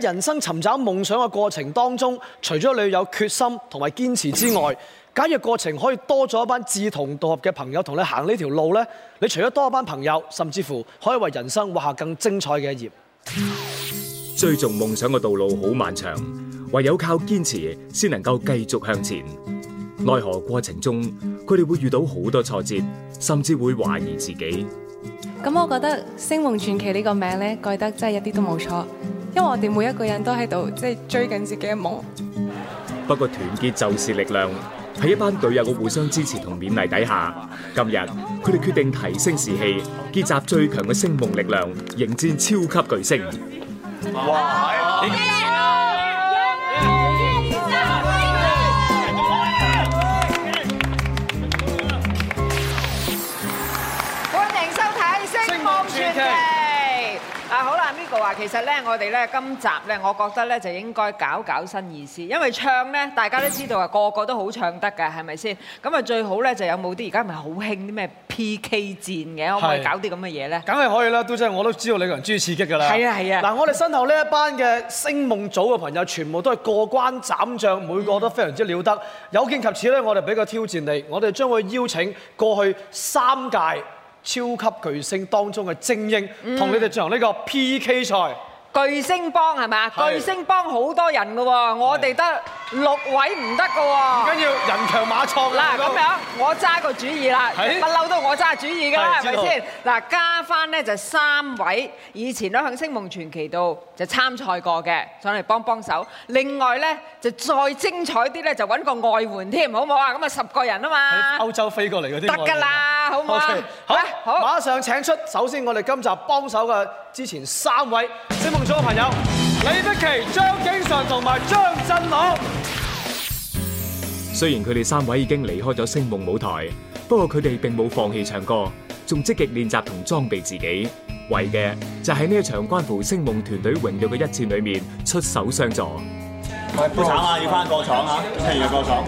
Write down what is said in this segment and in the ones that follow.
人生尋找夢想嘅過程當中，除咗你要有決心同埋堅持之外，假若過程可以多咗一班志同道合嘅朋友同你行呢條路咧，你除咗多一班朋友，甚至乎可以為人生畫下更精彩嘅一頁。追逐夢想嘅道路好漫長，唯有靠堅持先能夠繼續向前。奈何過程中，佢哋會遇到好多挫折，甚至會懷疑自己。咁我覺得《星夢傳奇》呢個名咧，改得真係一啲都冇錯，因為我哋每一個人都喺度即係追緊自己嘅夢。不過團結就是力量，喺一班隊友嘅互相支持同勉勵底下，今日佢哋決定提升士氣，結集最強嘅星夢力量，迎戰超級巨聲。哇 O.K. 嗱，好啦，Miko 啊，其實咧，我哋咧今集咧，我覺得咧就應該搞搞新意思，因為唱咧大家都知道啊，個個都好唱得㗎，係咪先？咁啊，最好咧就有冇啲而家唔係好興啲咩 P.K. 戰嘅，可唔可以搞啲咁嘅嘢咧？梗係可以啦，都真係我都知道你個人中意刺激㗎啦。係啊係啊。嗱，我哋身後呢一班嘅星夢組嘅朋友，全部都係過關斬將，每個都非常之了得。有見及此咧，我哋俾個挑戰你，我哋將會邀請過去三屆。超級巨聲當中嘅精英、嗯，同你哋進行呢個 PK 賽。巨聲幫係嘛？巨聲幫好多人嘅喎，我哋得六位唔得嘅喎。唔緊要人強馬壯。嗱咁樣，我揸個主意啦，不嬲都我揸主意㗎，係咪先？嗱，加翻咧就三位以前咧響《星夢傳奇》度就參賽過嘅上嚟幫幫手。另外咧就再精彩啲咧就揾個外援添，好唔好啊？咁啊十個人啊嘛。喺歐洲飛過嚟嗰啲。得㗎啦，好唔好啊？Okay。好，好，馬上請出，首先我哋今集幫手嘅。之前三位星夢組嘅朋友李璧琦、張景淳同埋張振朗，雖然佢哋三位已經離開咗星夢舞台，不過佢哋並冇放棄唱歌，仲積極練習同裝備自己，為嘅就喺呢一場關乎星夢團隊榮譽嘅一戰裏面出手相助。好慘啊！要翻個廠啊！聽完個廠，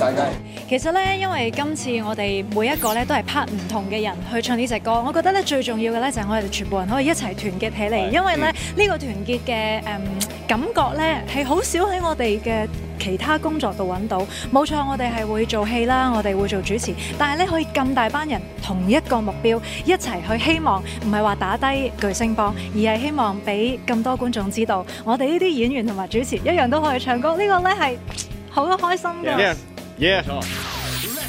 大家其實咧，因為今次我哋每一個咧都係 part 唔同嘅人去唱呢隻歌，我覺得咧最重要嘅咧就係、係、我哋全部人可以一齊團結起嚟，因為咧呢、嗯、呢個團結嘅誒、嗯、感覺咧係好少喺我哋嘅。其他工作度揾到，冇錯，我哋係會做戲啦，我哋會做主持，但係咧可以咁大班人同一個目標一齊去，希望唔係話打低巨聲幫，而係希望俾咁多觀眾知道，我哋呢啲演員同埋主持一樣都可以唱歌。呢個咧係好開心㗎。Yes，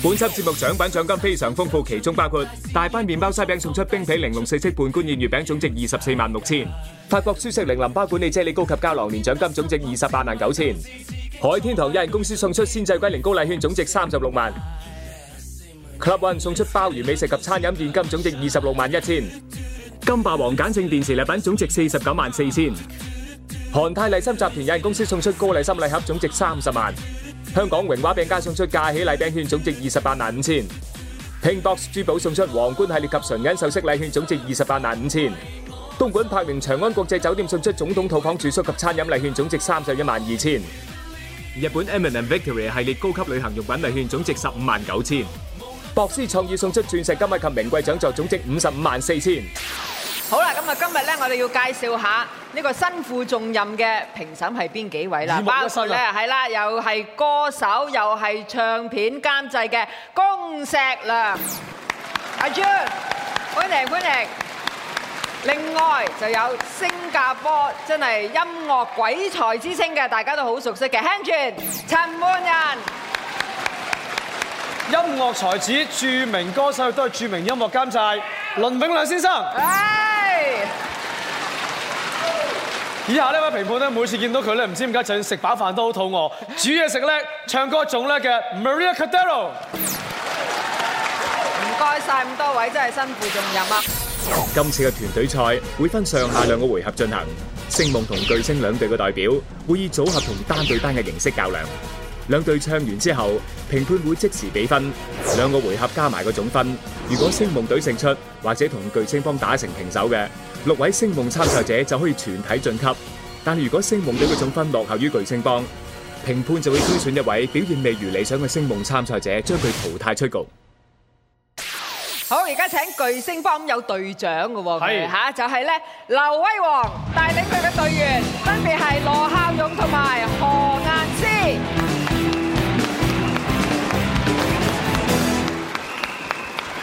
本輯節目獎品獎金非常豐富，其中包括大班麵包西餅送出冰皮玲瓏四色半官燕月餅總值二十四萬六千，法國舒適零林包管理啫喱高級膠囊年獎金總值二十八萬九千。海天堂有限公司送出鮮製龜苓膏禮券總值三十六萬。Club One 送出鮑魚美食及餐飲現金總值二十六萬一千。金霸王鹼性電池禮品總值四十九萬四千。韓泰禮心集團有限公司送出高麗參禮盒總值三十萬。香港榮華餅家送出嫁喜禮餅券總值二十八萬五千。Pink Box 珠寶送出皇冠系列及純銀首飾禮券總值二十八萬五千。東莞柏明長安國際酒店送出總統套房住宿及餐飲禮券總值三十一萬二千。日本 Eminent Victory 系列高級旅行用品禮券總值十五萬九千。博思創意送出鑽石金麥及名貴獎座總值五十五萬四千。好啦，咁啊今日呢，我哋要介紹下呢個身負重任嘅評審係邊幾位啦？是吧，另外就有新加坡真係音樂鬼才之稱嘅，大家都好熟悉嘅 Hanjin 陳奐仁、音樂才子、著名歌手都係著名音樂監製，倫永亮先生。Hey. 以下呢位評判每次見到佢咧，唔知點解就食飽飯都好肚餓，煮嘢食叻，唱歌仲叻嘅 Maria Cordero 唔該晒咁多位真辛苦，真係身負重任啊！今次嘅團隊賽會分上下兩個回合進行，星夢同巨聲兩隊嘅代表會以組合同單對單嘅形式較量。兩隊唱完之後，評判會即時比分，兩個回合加埋個總分。如果星夢隊勝出，或者同巨聲幫打成平手嘅，六位星夢參賽者就可以全體晉級。但如果星夢隊嘅總分落後於巨聲幫，評判就會挑選一位表現未如理想嘅星夢參賽者，將佢淘汰出局。好，而家請巨聲幫有隊長嘅，佢嚇就係咧，劉威煌帶領佢嘅隊員，分別係羅孝勇同埋何雁詩。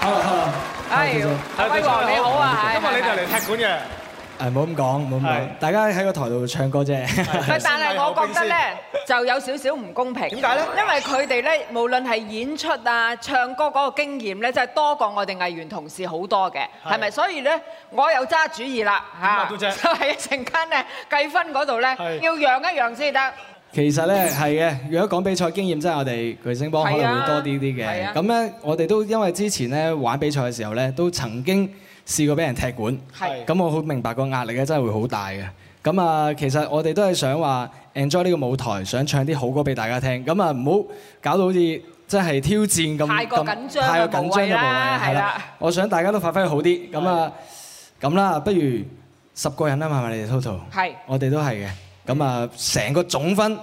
好啊，哎呦，威煌你好啊，今日你就嚟踢館嘅。誒，冇咁講，冇咁講，大家喺個台度唱歌啫。唔係，但係我覺得咧，就有少少唔公平。點解咧？因為佢哋咧，無論係演出啊、唱歌嗰個經驗咧，真係多過我哋藝員同事好多嘅，係咪？所以咧，我又揸主意啦嚇，就係一陣間咧，計分嗰度咧，要讓一讓先得。其實咧係嘅，如果講比賽經驗，真係我哋巨聲幫可能會多啲啲嘅。咁咧，我哋都因為之前咧玩比賽嘅時候咧，都曾經。試過俾人踢館，咁我好明白個壓力咧，真係會好大嘅。咁啊，其實我哋都係想話 enjoy 呢個舞台，想唱啲好歌俾大家聽。咁啊，唔好搞到好似真係挑戰咁，太過緊張就冇謂啦。係啦，我想大家都發揮好啲。咁啊，咁啦，不如十個人啦，係咪你哋 total？係，我哋都係嘅。咁啊，成個總分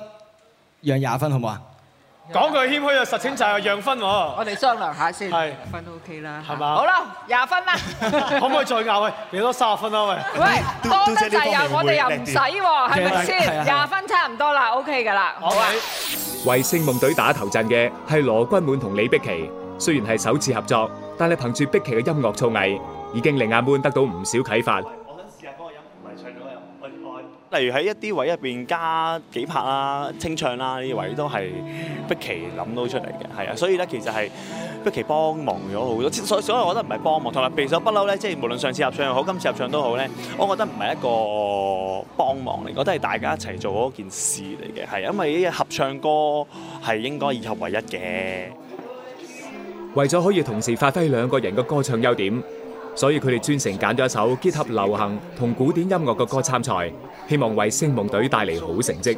讓廿分好唔好啊？講句謙虛啊，實情就係讓分喎。我哋商量下先，分都 OK 啦，係嘛？好啦，廿分啦。可唔可以再拗喂？你攞三十分啦喂！喂，多得就我哋又唔使喎，係咪先？廿分差唔多啦，OK 嘅啦。好啊。為星夢隊打頭陣嘅係羅鈞滿同李璧琦，雖然係首次合作，但係憑住璧琦嘅音樂造詣，已經令阿滿得到唔少啟發。例如喺一啲位置入邊加幾拍啦、清唱啦，呢啲位置都係碧琪 c 諗到出嚟嘅，係啊，所以咧，其實係碧琪 c 幫忙咗好多，所所以我覺得唔係幫忙，同埋備手不嬲咧，即係無論上次合唱又好，今次合唱都好咧，我覺得唔係一個幫忙嚟，我覺得係大家一齊做嗰件事嚟嘅，係因為啲合唱歌係應該以合為一嘅，為咗可以同時發揮兩個人嘅歌唱優點。所以佢哋專程揀咗一首結合流行同古典音樂嘅歌參賽，希望為星夢隊帶嚟好成績。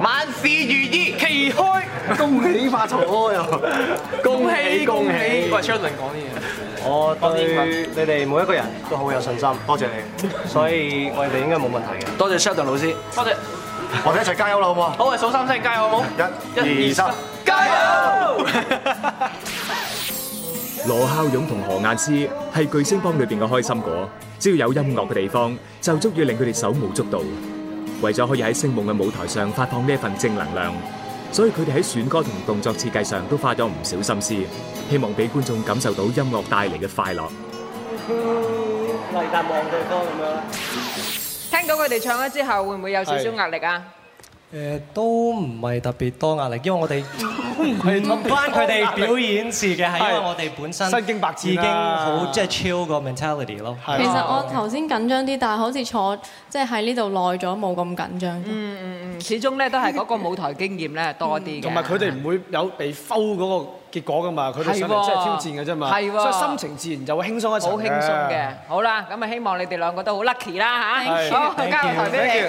萬事如意，旗開，恭喜發財，恭喜恭喜！喂，Sheldon 講嘢，我對你哋每一個人都好有信心，多謝你，所以我哋應該冇問題嘅。多謝 Sheldon 老師，多謝，我哋一齊加油啦，好唔好啊？好，數三聲，加油，好唔好，一、二、三，加油！羅孝勇同何雁詩係巨聲幫裏邊嘅開心果，只要有音樂嘅地方，就足以令佢哋手舞足蹈。為咗可以喺星夢嘅舞台上發放呢一份正能量，所以佢哋喺選歌同動作設計上都花咗唔少心思，希望俾觀眾感受到音樂帶嚟嘅快樂。泥潭望最多咁樣，聽到佢哋唱咗之後，會唔會有少少壓力啊？誒都唔係特別多壓力，因為我哋唔關佢哋表演事嘅，係因為我哋本身身經百戰啦，已經好即係超過 mentality 咯。其實我頭先緊張啲，但係好似坐即係喺呢度耐咗，冇咁緊張。嗯嗯嗯，始終咧都係嗰個舞台經驗咧多啲嘅。同埋佢哋唔會有被 Fold 嗰個結果噶嘛，佢哋想即係挑戰嘅啫嘛。係喎，所以心情自然就會輕鬆一層嘅。好輕鬆嘅。好啦，咁啊希望你哋兩個都好 lucky 啦嚇。好，交個台俾你。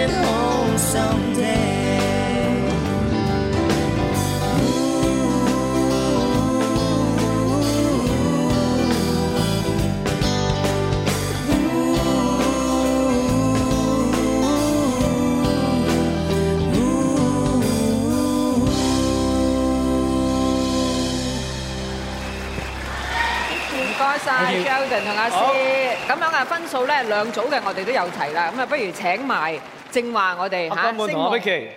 晒 Jordan 同阿師，咁樣嘅分數咧兩組嘅我哋都有齊啦，咁啊不如請埋正話我哋吓，星海琪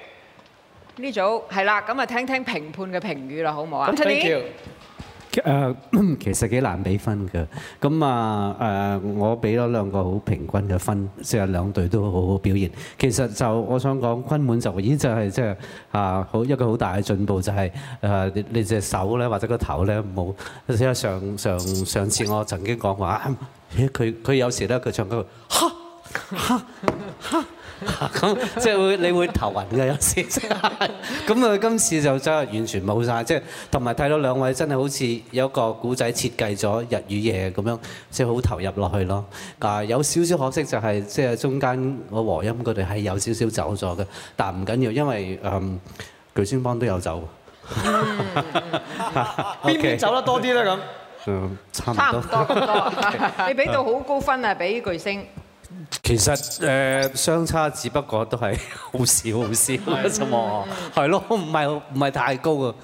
呢組係啦，咁啊聽聽評判嘅評語啦，好唔好啊？感誒其實幾難俾分嘅，咁啊誒我俾咗兩個好平均嘅分，即係兩隊都好好表現。其實就我想講，坤滿就已經就係即係啊，好一個好大嘅進步就係、是、誒你隻手咧或者個頭咧冇。即係上上上次我曾經講話，佢佢有時咧佢唱歌嚇嚇咁即係會你會頭暈嘅有時，咁啊今次就真係完全冇晒。即係同埋睇到兩位真係好似有個古仔設計咗日與夜咁樣，即係好投入落去咯。啊，有少少可惜就係即係中間個和音佢哋係有少少走咗嘅，但係唔緊要，因為嗯巨聲幫都有走。邊邊走得多啲咧？咁差唔多多。你俾到好高分啊！俾巨聲。其實誒、呃、相差，只不過都係好少好少啫喎，係咯，唔係唔係太高啊。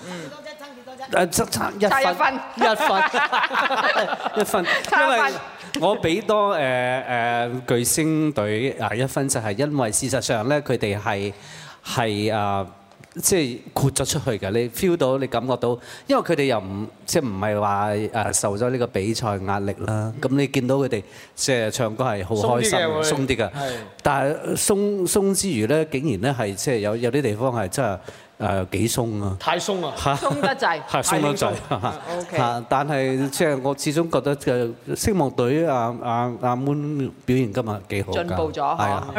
多隻爭一分，一分，一分。因為我俾多誒誒、呃、巨聲隊啊一分，就係因為事實上咧，佢哋係係啊。即係豁咗出去嘅，你 feel 到你感覺到，因為佢哋又唔即係唔係話誒受咗呢個比賽壓力啦。咁你見到佢哋即係唱歌係好開心，鬆啲嘅，但係鬆鬆之餘咧，竟然咧係即係有有啲地方係真係誒幾鬆啊！太鬆啊！鬆得滯，太鬆得滯。但係即係我始終覺得星夢隊阿阿阿 Moon 表現今日幾好噶。進步咗嚇啊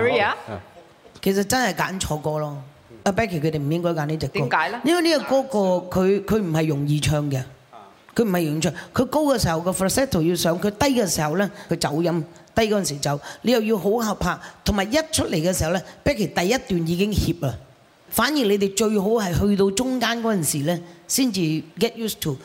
其實真係揀錯歌咯。阿 Becky 佢哋唔應該揀呢隻歌，點解咧？因為呢個歌個佢佢唔係容易唱嘅，佢唔係容易唱。佢高嘅時候個 falsetto 要上，佢低嘅時候咧佢走音，低嗰陣時走。你又要好合拍，同埋一出嚟嘅時候咧，Becky 第一段已經怯啊。反而你哋最好係去到中間嗰陣時咧，先至 get used to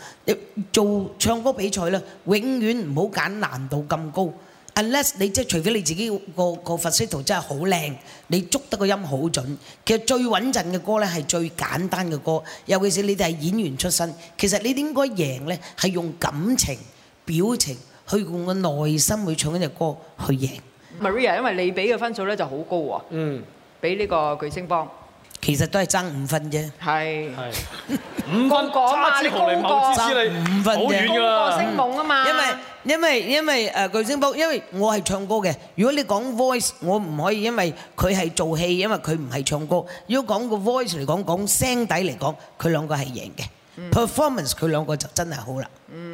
做唱歌比賽咧。永遠唔好揀難度咁高。Unless 你即係除非你自己個個佛膝圖真係好靚，你捉得個音好準，其實最穩陣嘅歌咧係最簡單嘅歌，尤其是你哋係演員出身，其實你應該贏咧係用感情、表情去用個內心去唱呢隻歌去贏。Maria，因為你俾嘅分數咧就好高喎，嗯，俾呢個巨聲幫，其實都係爭五分啫，係係五分講，差之毫釐，毫之差，五分嘅，因為。因為因為誒巨聲幫，因為我係唱歌嘅。如果你講 voice，我唔可以，因為佢係做戲，因為佢唔係唱歌。要講個 voice 嚟講，講聲底嚟講，佢兩個係贏嘅。performance 佢兩個就真係好啦，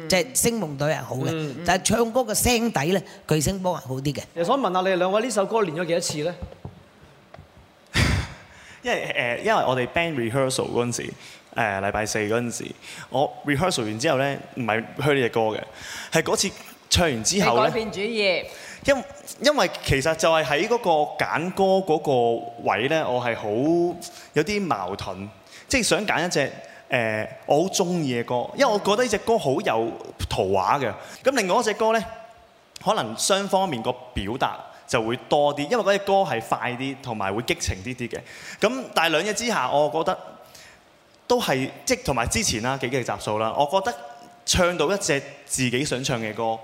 即係星夢隊係好嘅，但係唱歌嘅聲底咧，巨聲幫係好啲嘅。我想問下你哋兩位呢首歌練咗幾多次咧？因為誒，因為我哋 band rehearsal 嗰陣時。誒，禮拜四嗰陣時，我 rehearsal 完之後咧，唔係去呢隻歌嘅，係嗰次唱完之後咧，因因為其實就係喺嗰個揀歌嗰個位咧，我係好有啲矛盾，即係想揀一隻誒我好中意嘅歌，因為我覺得呢隻歌好有圖畫嘅。咁另外一隻歌咧，可能雙方面個表達就會多啲，因為嗰隻歌係快啲同埋會激情啲啲嘅。咁但係兩者之下，我覺得。都係即同埋之前啦，幾嘅幾集數啦。我覺得唱到一隻自己想唱嘅歌，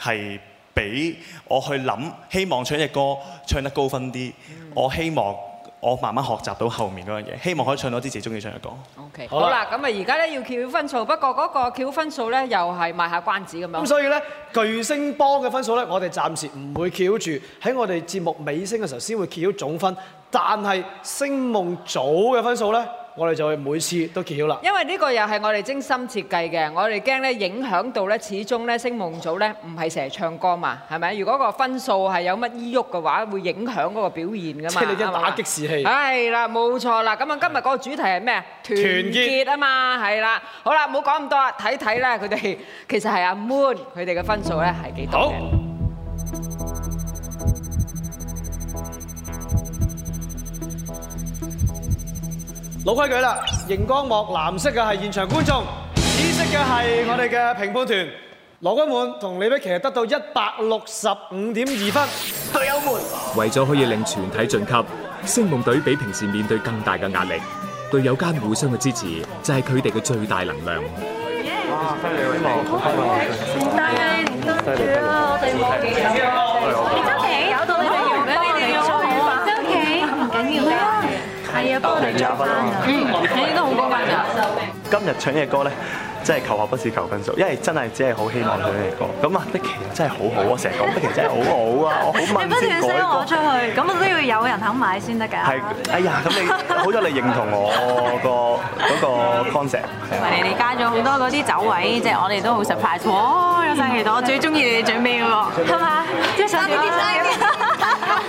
係比我去諗希望唱一隻歌唱得高分啲。嗯、我希望我慢慢學習到後面嗰樣嘢，希望可以唱到啲自己中意唱嘅歌。OK，好啦，咁啊而家咧要揭曉分數，不過嗰個揭曉分數咧又係賣下關子咁樣。咁、嗯、所以咧，巨聲幫嘅分數咧，我哋暫時唔會揭曉住，喺我哋節目尾聲嘅時候先會揭曉總分，但係星夢組嘅分數咧。我哋就去每次都揭曉啦。因為呢個又係我哋精心設計嘅，我哋驚影響到始終的星夢組，唔係成日唱歌嘛，係咪？如果個分數係有乜意欲嘅話，會影響嗰個表現㗎嘛。即係你啲打擊士氣。老規矩啦，熒光幕藍色嘅係現場觀眾，紫色嘅係我哋嘅評判團。羅鈞滿同李璧琦得到一百六十五點二分，隊友們，為咗可以令全體晉級，星夢隊比平時面對更大嘅壓力。隊友間互相嘅支持就係佢哋嘅最大能量。我哋唱嗯，你都好高分今日唱嘅歌咧，真係求學不是求分數，因為真係只係好希望唱嘅歌。咁啊璧琦真係好好啊，成日講璧琦真係好好啊，我很好慢先改你不斷 sell 我出去，咁我都要有人肯買先得㗎。係，哎呀，咁你好咗你認同我、個嗰個 concept、那個。我哋你加咗好多嗰啲走位，即係我哋都好 surprise。有生氣朵，我最中意你最尾嗰個，係咪？即係想點,點？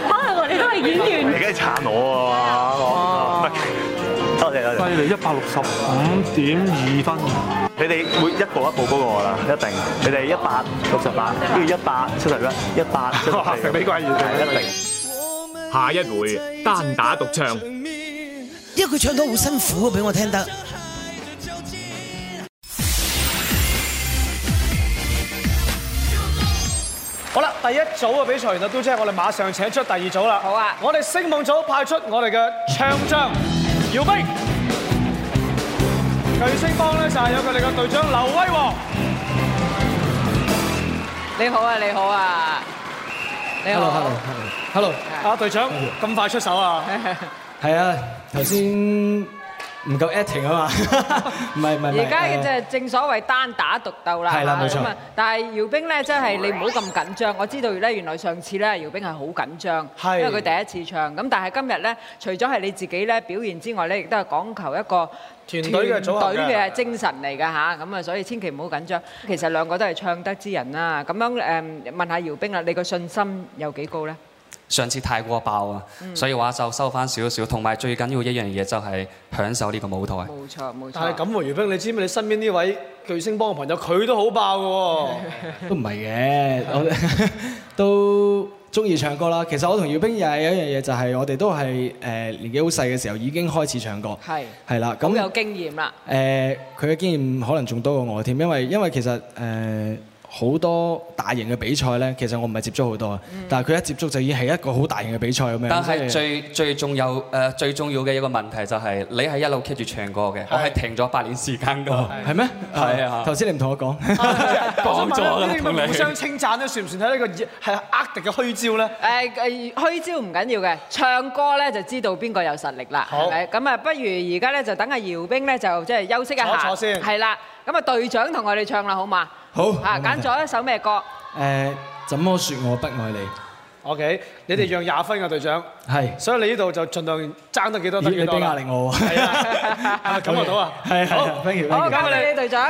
可能我哋都係演員你。你梗係撐我啊！我翻嚟一百六十五點二分，你哋會一步一步嗰個啦，一定。100。你哋一百六十八，跟住一百七十一，一百七十一，冇關係一定。下一回單打獨唱，因為佢唱到好辛苦啊，俾我聽得。好啦，第一組嘅比賽完啦，原來都即係我哋馬上請出第二組啦。好啊，我哋星夢組派出我哋嘅唱將姚兵。巨聲幫呢，就係有佢哋嘅隊長，劉威煌。你好啊，你好啊。你好。Hello, hello, hello. 啊，隊長，咁快出手啊！係啊，頭先。唔夠 acting 啊嘛，唔係，唔係。而家嘅就係正所謂單打獨鬥啦，係啦冇錯。但係姚兵咧，真係你唔好咁緊張。我知道咧，原來上次咧姚兵係好緊張，因為佢第一次唱。咁但係今日咧，除咗係你自己咧表現之外咧，你亦都係講求一個團隊嘅精神嚟㗎吓，咁啊，所以千祈唔好緊張。其實兩個都係唱得之人啦。咁樣誒，問下姚兵啦，你個信心有幾高咧？上次太過爆啊，所以話就收翻少少，同埋最緊要一樣嘢就係享受呢個舞台。冇錯，冇錯。但係咁，我姚兵，你知唔知你身邊呢位巨聲幫嘅朋友，佢都好爆嘅喎。都唔係嘅，都中意唱歌啦。其實我同姚兵又係有一樣嘢，就係我哋都係誒年紀好細嘅時候已經開始唱歌。係。係啦。咁有經驗啦。誒，佢嘅經驗可能仲多過我添，因為因為其實誒。呃好多大型嘅比賽咧，其實我唔係接觸好多，但係佢一接觸就已經係一個好大型嘅比賽咁樣。但係最最重要誒最重要嘅一個問題就係你係一路 keep 住唱歌嘅，我係停咗八年時間㗎，係咩？係啊！頭先你唔同我講講咗啦，同你互相稱讚咧，算唔算係一個係呃敵嘅虛招咧？誒誒，虛招唔緊要嘅，唱歌咧就知道邊個有實力啦，係咪？咁啊，不如而家咧就等阿姚兵咧就即係休息一下，坐下，坐先，係啦。咁啊，隊長同我哋唱啦，好嘛？好啊，揀咗一首咩歌？誒，怎麼說我不愛你。OK，你哋讓廿分嘅隊長。係，所以你呢度就盡量爭得幾多得幾多？你你逼壓力我喎。啊，感覺到啊。係啊。好，歡迎歡迎。好，感謝你隊長。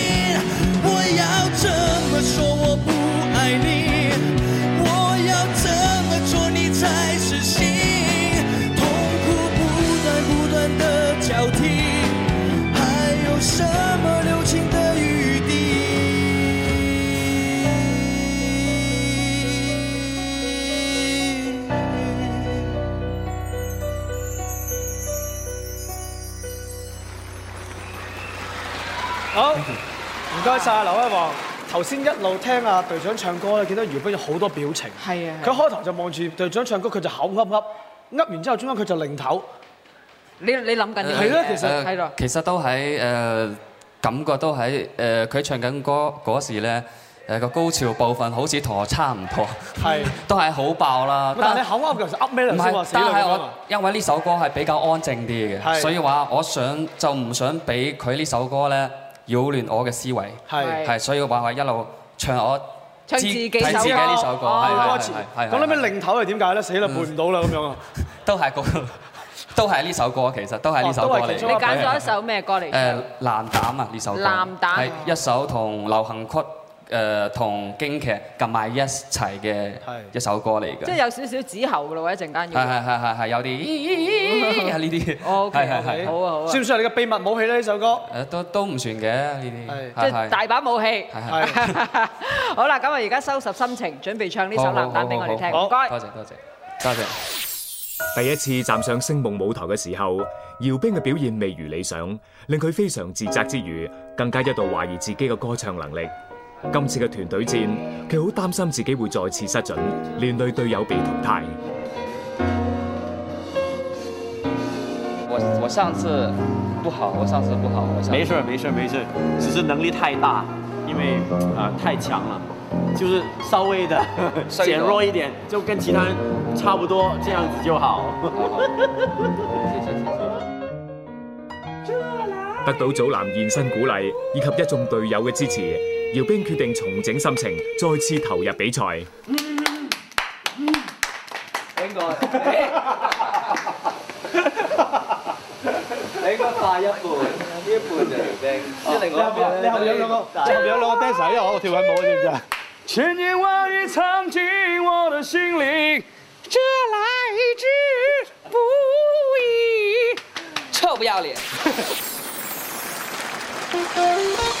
唔該曬，劉威煌。頭先一路聽阿隊長唱歌咧，見到姚兵有好多表情。係啊！佢開頭就望住隊長唱歌，佢就口噏噏，噏完之後，中央佢就擰頭。你你諗緊？係啦，其實係啦。其實都喺誒感覺都喺誒，佢唱緊歌嗰時咧誒個高潮部分，好似同我差唔多。係都係好爆啦。但係你口噏嘅時候噏咩嚟先？唔係，但係我因為呢首歌係比較安靜啲嘅，所以話我想就唔想俾佢呢首歌咧。擾亂我嘅思維，係係，所以嘅話我一路唱我唱自己呢首歌，哦，多謝。咁啱啱擰頭係點解咧？死啦，背唔到啦咁樣啊！都係個，都係呢首歌，其實都係呢首歌嚟。你揀咗一首咩歌嚟？誒，藍膽啊，呢首。藍膽。係一首同流行曲，誒同京劇夾埋一齊嘅一首歌嚟嘅，即係有少少子喉嘅咯，一陣間要係係係係有啲係呢啲，O K O K，好啊好啊，算唔算係你嘅秘密武器咧？呢首歌誒都都唔算嘅呢啲，即係大把武器。係係係。好啦，咁我而家收拾心情，準備唱呢首男單俾我哋聽。唔該，多謝多謝多謝。第一次站上星夢舞台嘅時候，姚兵嘅表現未如理想，令佢非常自責之餘，更加一度懷疑自己嘅歌唱能力。今次嘅團隊戰，佢好擔心自己會再次失準，連累隊友被淘汰。我我上次不好，我上次不好。我上次……沒事，沒事，沒事，只是能力太大，因為啊、呃、太強了，就是稍微的減弱一點，就跟其他人差不多，這樣子就好。好，好，得到祖藍現身鼓勵，以及一眾隊友嘅支持。姚兵決定重整心情，再次投入比賽。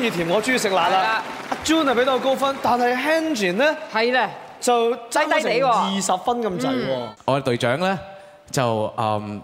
中意甜我中意食辣啦。阿 June 係俾到我高分，但係 Hanjin 咧，係咧就低低哋二十分咁滯喎。我哋隊長咧就嗯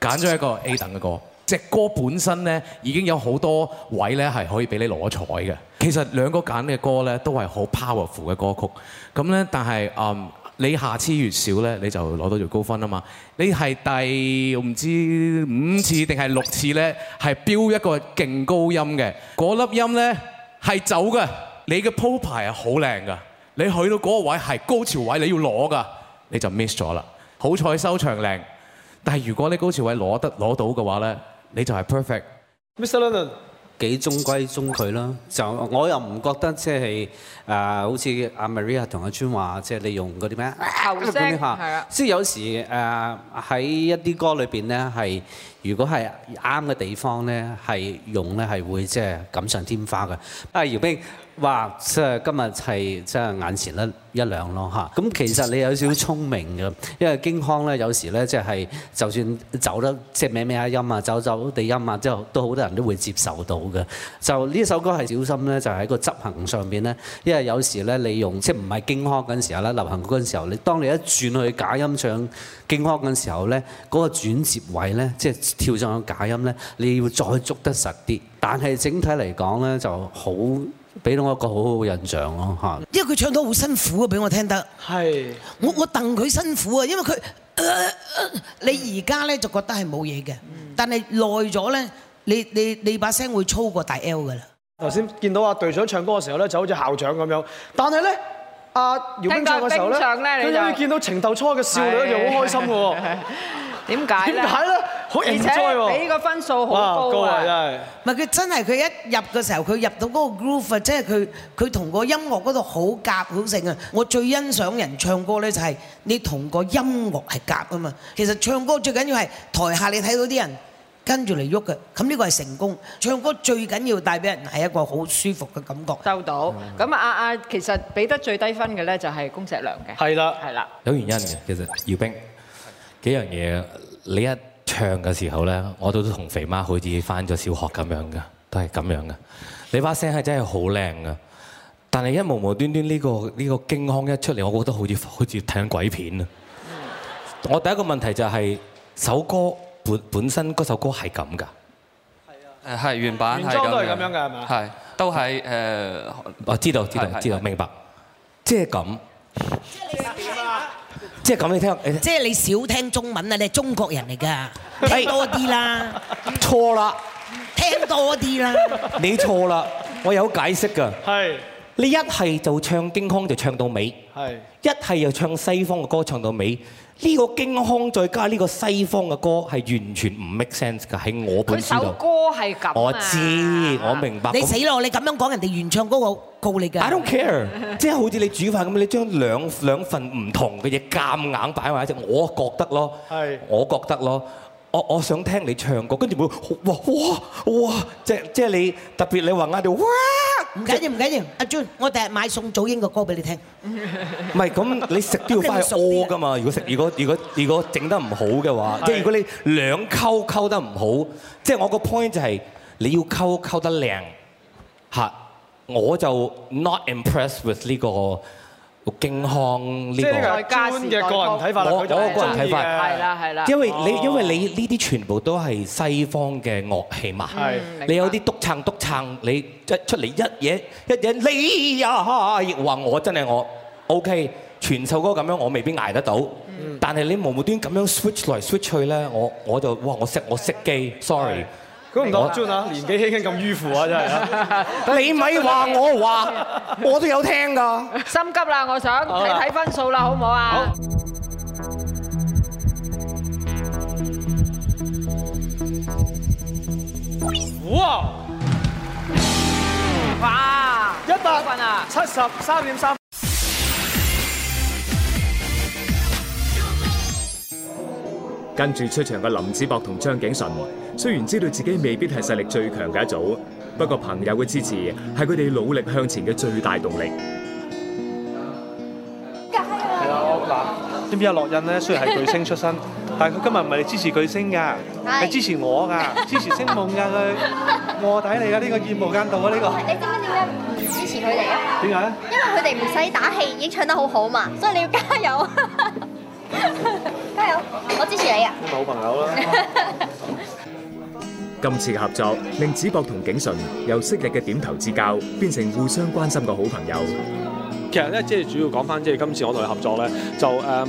揀咗一個 A 等嘅歌，隻歌本身咧已經有好多位咧係可以俾你攞彩嘅。其實兩個揀嘅歌咧都係好 powerful 嘅歌曲，咁咧但係嗯。你下次越少咧，你就攞到最高分啊嘛！你係第唔知五次定係六次咧，係標一個勁高音嘅，嗰粒音咧係走嘅。你嘅鋪排係好靚㗎，你去到嗰個位係高潮位，你要攞㗎，你就 miss 咗啦。好彩收場靚，但係如果你高潮位攞得攞到嘅話咧，你就係 perfect。Mr. Lennon 幾中規中矩啦，就我又唔覺得即係誒，好似阿 Maria 同阿川話，即、就、係、是、你用嗰啲咩？後生，即係有時誒，喺、呃、一啲歌裏邊咧，係如果係啱嘅地方咧，係用咧係會即係、就是、錦上添花嘅。啊，姚兵。話即係今日係即係眼前一一亮咯嚇。咁其實你有少少聰明嘅，因為京腔咧有時咧即係就算走得即係咩咩啊音啊走走地音啊之後，即都好多人都會接受到嘅。就呢首歌係小心咧，就喺個執行上邊咧，因為有時咧你用即係唔係京腔嗰陣時候咧，流行嗰陣時候，你當你一轉去假音唱京腔嗰陣時候咧，嗰、嗰個轉接位咧，即係跳上去假音咧，你要再捉得實啲。但係整體嚟講咧，就好。俾到我一個好好嘅印象咯嚇，因為佢唱到好辛苦嘅，俾我聽得。係，我我戥佢辛苦啊，因為佢，你而家咧就覺得係冇嘢嘅，但係耐咗咧，你你你把聲會粗過大 L 嘅啦。頭先見到阿隊長唱歌嘅時候咧，就好似校長咁樣，但係咧，阿姚兵唱嘅時候咧，佢因為見到情竇初開嘅少女，就好開心嘅喎。點解咧？而且俾個分數好高啊！唔係佢真係佢一入嘅時候，佢入到嗰個 groove 啊，即係佢佢同個音樂嗰度好夾好成啊！我最欣賞人唱歌咧，就係你同個音樂係夾啊嘛。其實唱歌最緊要係台下你睇到啲人跟住嚟喐嘅，咁呢個係成功。唱歌最緊要帶俾人係一個好舒服嘅感覺。收到。咁啊啊，其實俾得最低分嘅咧就係恭碩良嘅。係啦，係啦，有原因嘅。其實姚兵。幾樣嘢你一唱嘅時候咧，我都同肥媽好似翻咗小學咁樣嘅，都係咁樣嘅。你把聲係真係好靚嘅，但係一無無端端呢個呢個驚腔一出嚟，我覺得好似好似睇緊鬼片啊！我第一個問題就係首歌本本身嗰首歌係咁㗎，係啊，係原版，原裝都係咁樣㗎，係嘛？係都係誒，我知道，知道，知道，明白。即係咁，即係點啊？即係咁你聽，即係你少聽中文啊！你係中國人嚟㗎，聽多啲啦。錯啦，聽多啲啦。你錯啦，我有解釋㗎。係，你一係就唱京腔就唱到尾，係一係又唱西方嘅歌唱到尾。呢、這個京腔再加呢個西方嘅歌係完全唔 make sense 㗎，喺我本書度，歌係咁。我知，我明白。你死咯！你咁樣講人哋原唱嗰個告你㗎。I don't care，即係好似你煮飯咁，你將兩兩份唔同嘅嘢夾硬擺埋一齊，我覺得咯，我覺得咯，我我想聽你唱歌，跟住會哇哇哇，即即係你特別你話嗌條哇！唔緊要，唔緊要，阿 Jun，我第日買宋祖英嘅歌俾你聽。唔係咁，你食都要翻去屙噶嘛。如果食，如果如果如果整得唔好嘅話，即係如果你兩溝溝得唔好，即係我個 point 就係你要溝溝得靚吓，我就 not impressed with 呢個。勁亢呢個，即係我個人睇法，我我個睇法係啦係啦，因為你因為你呢啲全部都係西方嘅樂器嘛你，你有啲督撐督撐，你即係出嚟一嘢一嘢你呀，亦話我真係我 OK，全首歌咁樣我未必捱得到，但係你無無端咁樣 switch 來 switch 去咧，我就我就哇我熄我熄機，sorry。咁唔得，Joan 啊，年紀輕輕咁迂腐啊，真係啊！你咪話我話，我都有聽㗎。心急啦，我想睇睇分數啦，好唔好啊？好！哇！哇！一百分啊，七十三點三。跟住出場嘅林子博同張景淳。雖然知道自己未必係實力最強嘅一組，不過朋友嘅支持係佢哋努力向前嘅最大動力。係啊，嗱，知唔知阿落印咧？雖然係巨星出身，但係佢今日唔係支持巨星㗎，係 支持我㗎，支持星夢㗎。佢臥底嚟㗎，呢個意無間道啊！呢、呢個 你點解點解唔支持佢哋啊？點解？因為佢哋唔使打氣，已經唱得好好嘛，所以你要加油啊！ 加油，我支持你啊！咁好朋友啦。 今次嘅合作，令子博同景淳由昔日嘅點頭之交，變成互相關心嘅好朋友。其實咧，即係主要講翻，即係今次我同佢合作咧，就誒、嗯、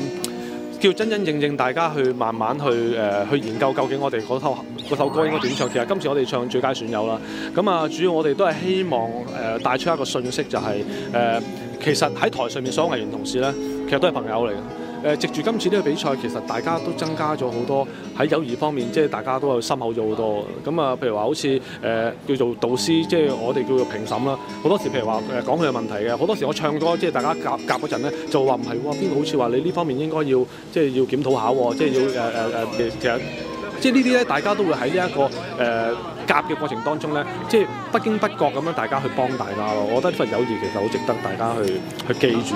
叫真真正，正正大家去慢慢去誒、呃、去研究究竟我哋嗰首，首歌應該點唱。其實今次我哋唱最佳損友啦，咁啊，主要我哋都係希望誒帶出一個信息、就是，就係誒其實喺台上面所有藝員同事咧，其實都係朋友嚟嘅。誒、呃，藉住今次呢個比賽，其實大家都增加咗好多喺友誼方面，即係大家都有深厚咗好多。咁啊，譬如話好似誒叫做導師，即係我哋叫做評審啦。好多時譬如話誒講佢嘅問題嘅，好多時我唱歌即係大家夾夾嗰陣咧，就話唔係邊個好似話你呢方面應該要即係要檢討下喎，即係要誒誒誒，其實即係、呃呃呃呃呃、呢啲咧，大家都會喺呢一個誒夾嘅過程當中咧，即係不經不覺咁樣大家去幫大家咯。我覺得呢份友誼其實好值得大家去去記住。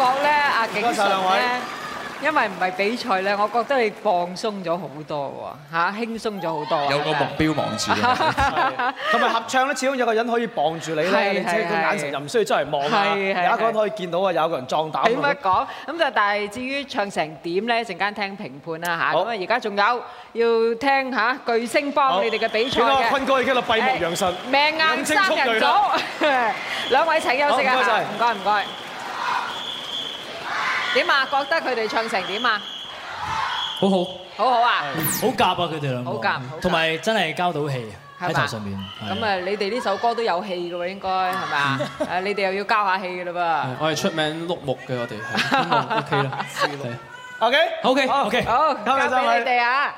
我咧，阿景兩位咧，因為唔係比賽咧，我覺得你放鬆咗好多喎，嚇輕鬆咗好多。有個目標望住，同埋 合唱咧，始終有個人可以綁住你咧，你且個眼神又唔需要真係望，有一個人可以見到啊，有一個人壯膽。點解講？咁就但係至於唱成點咧，陣間聽評判啦嚇。咁啊，而家仲有要聽下巨聲幫你哋嘅比賽。俊哥，坤哥，已經閉目養神，眼睛速聚啦。 兩位請休息啊！唔該唔該唔該。謝謝。點啊？覺得佢哋唱成點啊？好好，好好啊，好夾啊！佢哋兩個，好夾，同埋真係交到氣喺台上面。咁啊，你哋呢首歌都有氣嘅喎，應該係咪？誒，你哋又要交下氣嘅嘞噃。我係出名碌木嘅，我哋係 OK 啦，O K，O K，O K，好，交俾你哋啊。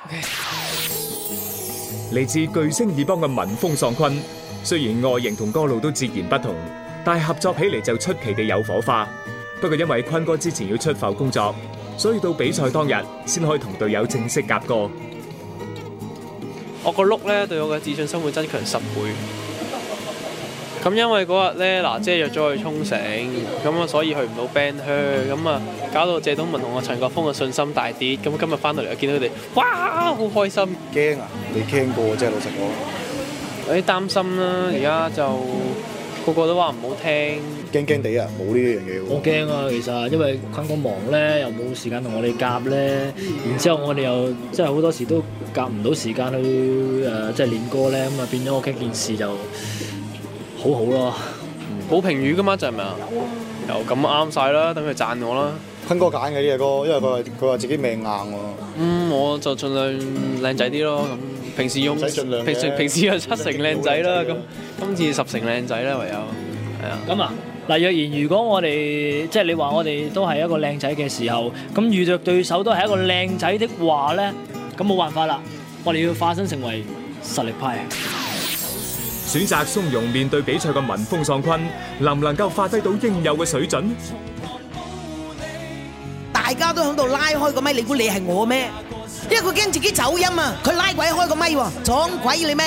嚟自巨聲幫嘅閔峰喪坤，雖然外形同歌路都截然不同，但係合作起嚟就出奇地有火花。不過因為坤哥之前要出埠工作，所以到比賽當日先可以同隊友正式夾過。我個碌咧，對我嘅自信心會增強十倍。咁因為嗰日咧，娜姐約咗去沖繩，咁啊所以去唔到 band 房，咁啊搞到謝東閔同阿陳國峰嘅信心大跌。咁今日翻到嚟又見到佢哋，哇，好開心！驚啊？未驚過啊，即係老實講，有啲擔心啦，而家就個個都話唔好聽。驚驚地啊！冇呢一樣嘢喎。好驚啊，其實因為坤哥忙咧，又冇時間同我哋夾咧，然之後我哋又即係好多時都夾唔到時間去誒，即係練歌咧，咁啊變咗我驚件事就好好咯。冇評語噶嘛，就係咪啊？又咁啱曬啦，等佢讚我啦。坤哥揀嘅呢隻歌，因為佢話佢話自己命硬喎。嗯，我就盡量靚仔啲咯。咁平時用，平時平時係七成靚仔啦。咁今次十成靚仔啦，唯有係啊。咁啊？嗱，若然如果我哋即係你話，我哋都係一個靚仔嘅時候，咁遇着對手都係一個靚仔的話咧，咁冇辦法啦，我哋要化身成為實力派。選擇松茸面對比賽嘅閔峰喪坤，能唔能夠發揮到應有嘅水準咧？大家都喺度拉開個咪，你估你係我咩？因為佢驚自己走音啊，佢拉鬼開個咪喎，撞鬼你咩？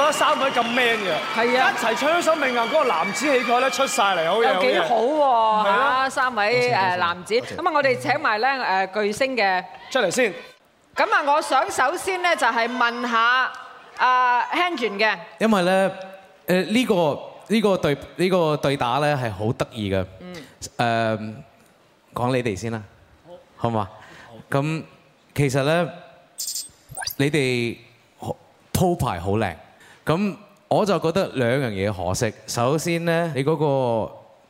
嗰三位咁 man 嘅，一齊唱咗首《命硬》，嗰個男子氣概咧出曬嚟，好有幾好喎嚇！三位誒男子，咁啊，我哋請埋咧誒巨聲嘅出嚟先。咁啊，我想首先咧就係問下阿 Hanjin 嘅，因為咧誒呢個呢個對呢個對打咧係好得意嘅。嗯誒，講你哋先啦，好唔好啊？咁其實咧，你哋鋪排好靚。咁我就覺得兩樣嘢可惜。首先咧，你嗰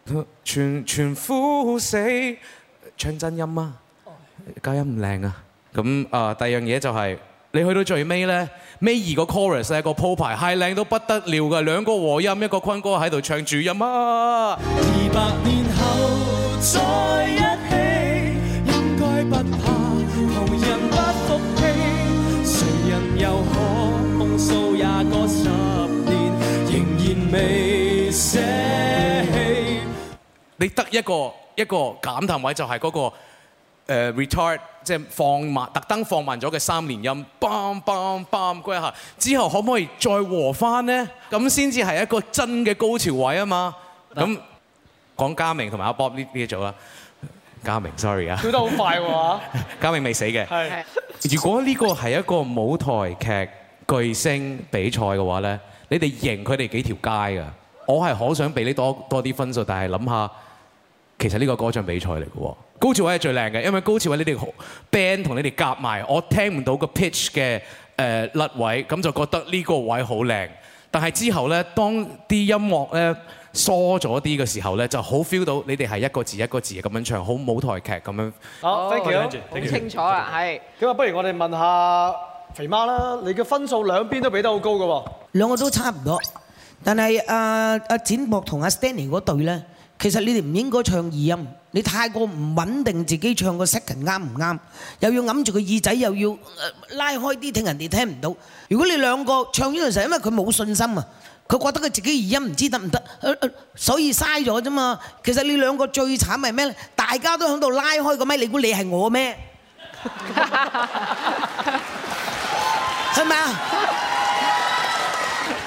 個全全呼死，唱真音啊，假音唔靚啊。咁啊，第二樣嘢就係、是、你去到最尾咧，尾二個 chorus 咧個鋪排係靚到不得了嘅，兩個和音一個坤哥喺度唱住音啊。二百年後再一。未捨棄，你得一個一個減淡位，就係嗰個誒 retard，即係放慢，特登放慢咗嘅三連音，bang bang bang，嗰一下之後可唔可以再和翻呢？咁先至係一個真嘅高潮位啊嘛。咁講嘉明同埋阿 Bob 呢呢組啦，嘉明，sorry 啊，跳得好快喎，嘉明未死嘅。如果呢個係一個舞台劇巨星比賽嘅話咧？你哋贏佢哋幾條街㗎。我係好想俾你多多啲分數，但係諗下，其實呢個歌唱比賽嚟嘅喎，高潮位係最靚嘅，因為高潮位你哋 band 同你哋夾埋，我聽唔到個 pitch 嘅誒甩位，咁就覺得呢個位好靚。但係之後咧，當啲音樂咧疏咗啲嘅時候咧，就好 feel 到你哋係一個字一個字咁樣唱，好舞台劇咁樣。好，thank you，好清楚啦，係。咁啊，不如我哋問下。肥媽啦，你嘅分數兩邊都俾得好高㗎喎。兩個都差唔多，但係阿阿子博同阿 Stanley 嗰對咧，其實你哋唔應該唱二音，你太過唔穩定自己唱個 second 啱唔啱，又要揞住個耳仔，又要拉開啲聽人哋聽唔到。如果你兩個唱呢樣嘢，就係因為佢冇信心啊，佢覺得佢自己二音唔知得唔得，所以嘥咗啫嘛。其實你兩個最慘係咩？大家都喺度拉開個咪，你估你係我咩？係咪啊？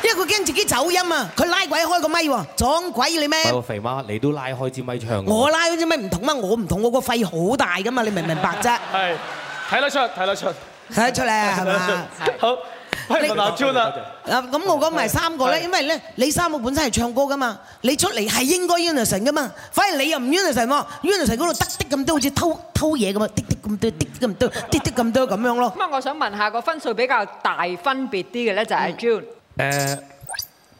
因為佢驚自己走音啊！佢拉鬼開個咪喎，撞鬼你咩？啊，肥媽，你都拉開支咪唱。我拉嗰支咪唔同啊！我唔同，我個肺好大噶嘛！你明唔明白啫？係 睇得出，睇得出，睇得出嚟！係咪？好。係林立川啦。嗱咁我講唔係三個咧，因為咧，你三個本身係唱歌噶嘛，你出嚟係應該 Unison 噶嘛，反而你又唔 Unison 喎，Unison 嗰度滴滴咁多，好似偷偷嘢咁啊，滴滴咁多，滴咁多，滴滴咁多咁樣咯。咁啊， 我想問下個分數比較大分別啲嘅咧就係、June、誒、嗯 uh,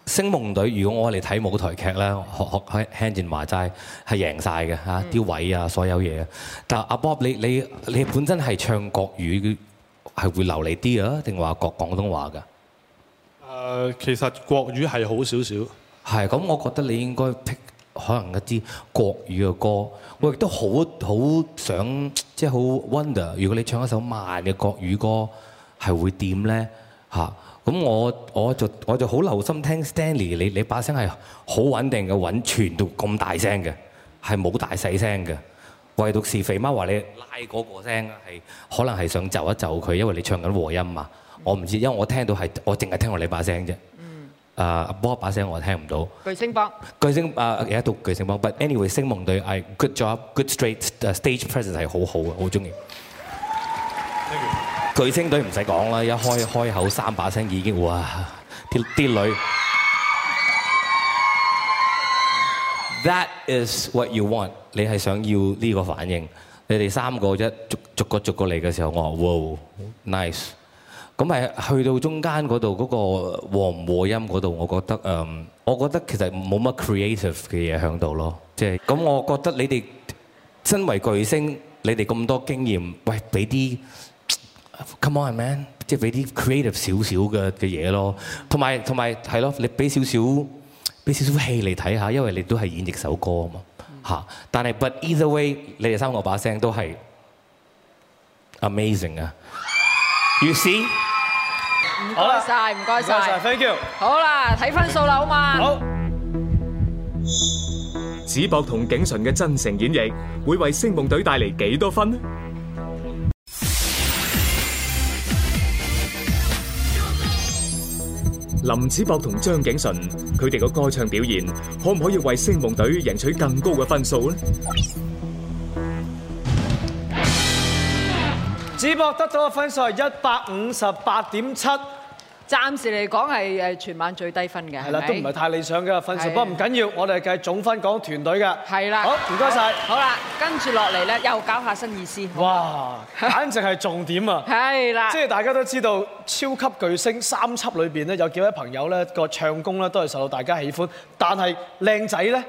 星夢隊。如果我嚟睇舞台劇咧，學學聽聽段話齋係贏晒嘅嚇，啲位啊所有嘢。但阿 Bob 你你你本身係唱國語。係會流利啲啊？定話講廣東話㗎？誒，其實國語係好少少。係咁，我覺得你應該 pick 可能一啲國語嘅歌。我亦都好好想即係好 wonder。如果你唱一首慢嘅國語歌，係會點咧？吓？咁我我就我就好留心聽 Stanley，你你把聲係好穩定嘅穩，全到咁大聲嘅，係冇大細聲嘅。唯獨是肥媽話你拉嗰個聲係可能係想就一就佢，因為你唱緊和音嘛。我唔知，因為我聽到係我淨係聽過你把聲啫。嗯。阿波把聲我聽唔到。巨聲幫。巨聲誒，而家讀巨聲幫。But anyway，星夢隊係 good job，good straight stage presence 係好好嘅，好中意。巨聲隊唔使講啦，一開一開口三把聲已經哇，啲啲女。That is what you want。你係想要呢個反應。你哋三個一逐逐個逐個嚟嘅時候，我話：哇，nice。咁係去到中間嗰度嗰個和唔和音嗰度，我覺得誒，我覺得其實冇乜 creative 嘅嘢喺度咯。即係咁，我覺得你哋身為巨星，你哋咁多經驗，喂，俾啲 come on man，即係俾啲 creative 少少嘅嘅嘢咯。同埋同埋係咯，你俾少少。俾少少戲嚟睇下，因為你都係演繹首歌啊嘛嚇。但係 But either way，你哋三個把聲都係 amazing 啊！You see，好啦，唔該晒，唔該晒，thank you。好啦，睇分數啦啊嘛。好，子博同景淳嘅真誠演繹，會為星夢隊帶嚟幾多分呢？林子博同張景淳，佢哋嘅歌唱表現可唔可以為星夢隊贏取更高嘅分數呢？子博得到嘅分數係一百五十八點七。暫時嚟講係誒全晚最低分嘅，係啦，都唔係太理想嘅分數。不過唔緊要，我哋計總分講團隊嘅。係啦，好唔該晒。好啦，跟住落嚟咧，又搞下新意思。哇，簡直係重點啊！係啦，即係大家都知道，超級巨聲三輯裏邊咧，有幾位朋友咧個唱功咧都係受到大家喜歡，但係靚仔咧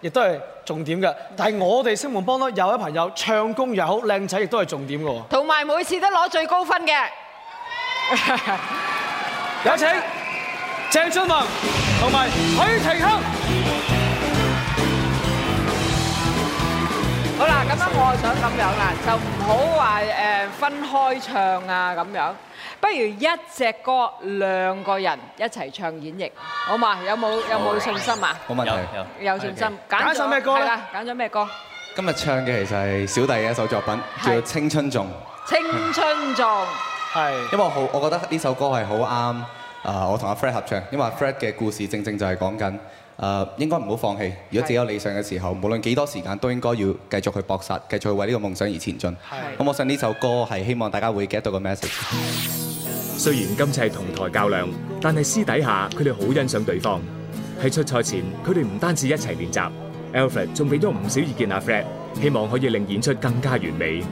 亦都係重點嘅。但係我哋星夢幫咧有位朋友唱功又好，靚仔亦都係重點嘅喎。同埋每次都攞最高分嘅。有請鄭俊弘同埋許廷鏗。好啦，咁樣我係想咁樣啦，就唔好話誒分開唱啊咁樣，不如一隻歌兩個人一齊唱演繹，好嘛？有冇有冇信心啊？冇問題，有有信心。揀首咩歌嚟噶？揀咗咩歌？今日唱嘅其實係小弟嘅一首作品，叫做《青春頌》。青春頌。係，因為好，我覺得呢首歌係好啱。誒，我同阿 Fred 合唱，因為 Fred 嘅故事正正就係講緊誒，應該唔好放棄。如果自己有理想嘅時候，無論幾多時間，都應該要繼續去搏殺，繼續去為呢個夢想而前進。係。咁我相信呢首歌係希望大家會 get 到個 message。雖然今次係同台較量，但係私底下佢哋好欣賞對方。喺出賽前，佢哋唔單止一齊練習，Alfred 仲俾咗唔少意見阿 Fred，希望可以令演出更加完美。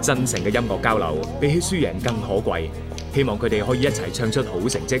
真誠嘅音樂交流，比起輸贏更可貴。希望佢哋可以一齊唱出好成績。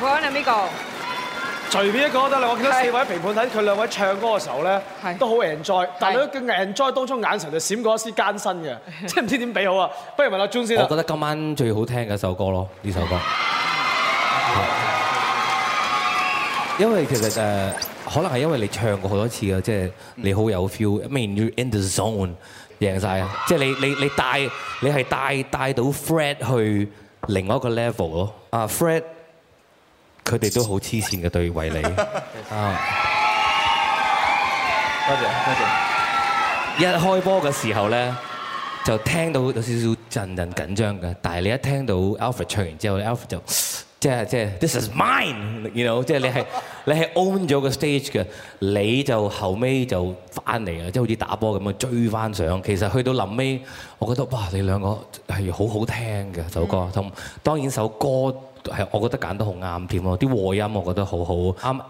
講兩邊個，隨便一個都得啦。我見到四位評判睇佢兩位唱歌嘅時候咧，都好 enjoy。但係咧，佢 enjoy 當中眼神就閃過一絲艱辛嘅，即係唔知點畀好啊！不如問阿 Jun 先。我覺得今晚最好聽嘅一首歌咯，呢首歌。因為其實誒，可能係因為你唱過好多次啊，即係你好有 feel，I mean you in the zone，贏晒啊！即係你你你帶，你係帶帶到 Fred 去另外一個 level 咯，啊 Fred。佢哋都好黐線嘅對為你啊！多謝多謝。謝謝一開波嘅時候咧，就聽到有少少陣陣緊張嘅。但係你一聽到 Alfred 唱完之後，Alfred 就即係即係 This is mine，you know，即係你係你係 own 咗個 stage 嘅。你就後尾就翻嚟啦，即係好似打波咁樣，追翻上。其實去到臨尾，我覺得哇，你兩個係好好聽嘅、嗯、首歌，同當然首歌。係，我覺得揀得好啱添咯。啲和音我覺得好好。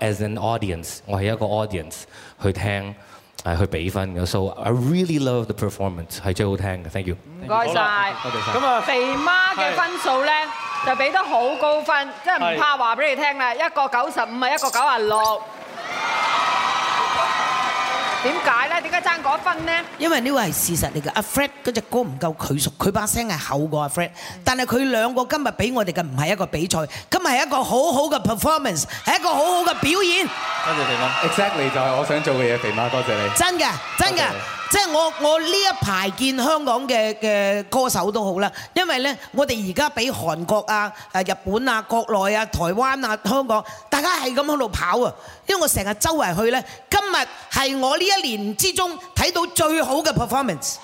I as an audience，我係一個 audience 去聽，係去比分嘅。So I really love the performance，係最好聽嘅。Thank you。唔該晒。咁啊，肥媽嘅分數咧就俾得好高分，即係唔怕話俾你聽啦，一個九十五，係一個九啊六。點解咧？點解爭嗰分呢？因為呢個係事實嚟嘅。阿 Fred 嗰隻歌唔夠佢熟，佢把聲係厚過阿 Fred。但係佢兩個今日俾我哋嘅唔係一個比賽，今日係一個好好嘅 performance，係一個好好嘅表演。多謝肥媽，exactly 就係我想做嘅嘢。肥媽，多謝你。真嘅，真嘅。謝謝。即係我我呢一排見香港嘅嘅歌手都好啦，因為咧我哋而家比韓國啊、誒日本啊、國內啊、台灣啊、香港，大家係咁喺度跑啊！因為我成日周圍去咧，今日係我呢一年之中睇到最好嘅 performance。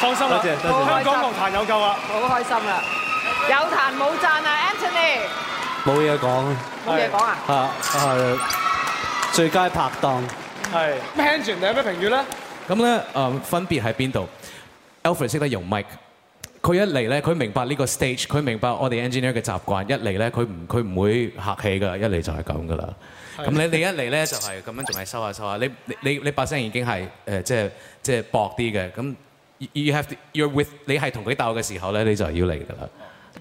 放心啦，多謝多謝，香港樂壇有救啊，好開心啊！有彈冇讚啊，Anthony，冇嘢講，冇嘢講啊，係最佳拍檔。係咁 engineer 有咩評語咧？咁咧，誒分別喺邊度？Alfred 識得用 Mike，佢一嚟咧，佢明白呢個 stage，佢明白我哋 engineer 嘅習慣。一嚟咧，佢唔佢唔會客氣㗎，一嚟就係咁㗎啦。咁你哋一嚟咧就係咁樣，仲係收下收下。你你你把聲已經係誒，即係即係薄啲嘅。咁 you have to, you're with，你係同佢鬥嘅時候咧，你就係要嚟㗎啦。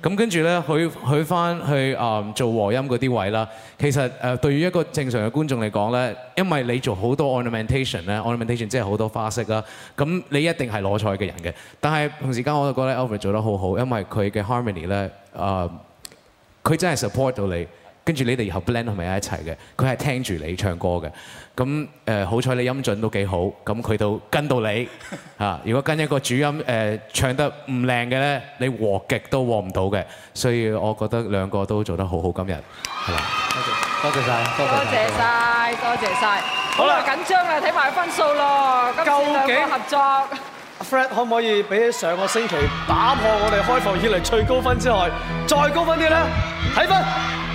咁跟住咧，佢去翻去做和音嗰啲位啦。其實誒對於一個正常嘅觀眾嚟講咧，因為你做好多 ornamentation 咧，ornamentation 即係好多花式啦。咁你一定係攞彩嘅人嘅。但係同時間我都覺得 Alfred 做得好好，因為佢嘅 harmony 咧，佢真係 support 到你。跟住你哋以後 blend 係咪一齊嘅？佢係聽住你唱歌嘅。咁誒好彩你音準都幾好，咁佢都跟到你嚇。如果跟一個主音誒唱得唔靚嘅咧，你和極都和唔到嘅。所以我覺得兩個都做得好好，今日。多謝曬，多謝曬，多謝曬，好啦，緊張啦，睇埋分數咯。究竟合作？Fred 可唔可以比上個星期打破我哋開放以來最高分之外，再高分啲咧？睇分。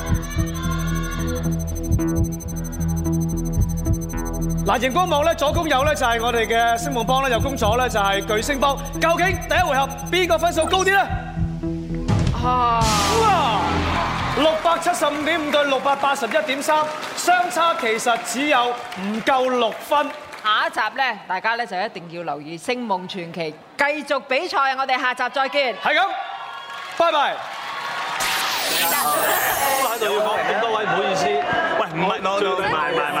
啊！熒光幕咧，左攻右咧就係我哋嘅星夢幫咧，右攻左咧就係巨聲幫。究竟第一回合邊個分數高啲咧？啊！六百七十五點五對六百八十一點三，相差其實只有唔夠六分。下一集咧，大家咧就一定要留意《星夢傳奇》，繼續比賽，我哋下集再見。係咁，拜拜。都喺度要講，咁多位唔好意思。喂，唔係攞咗佢賣賣賣。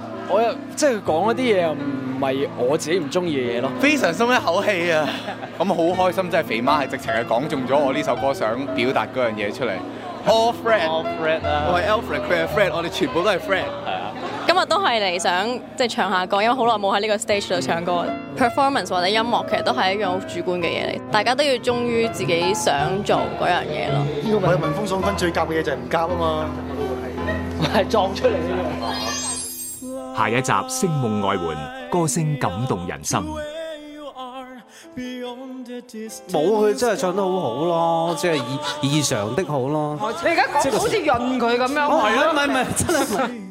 我又即係講一啲嘢，唔係我自己唔中意嘅嘢咯。非常鬆一口氣啊！咁 好開心，真係肥媽係直情係講中咗我呢首歌想表達嗰樣嘢出嚟。All Fred、啊、我係 Alfred，Fred，我哋全部都係 Fred。係啊！今日都係嚟想即係、就是、唱下歌，因為好耐冇喺呢個 stage 度唱歌。Performance 或者音樂，音樂其實都係一樣好主觀嘅嘢嚟，大家都要忠於自己想做嗰樣嘢咯。我係閔峰喪坤，最夾嘅嘢就係唔夾啊嘛！我係撞出嚟嘅。 下一集《星夢外援》，歌聲感動人心。冇佢真係唱得好好咯，即係異異常的好咯。你而家講好似潤佢咁樣咯。係、哦、啊，唔係唔係，真係。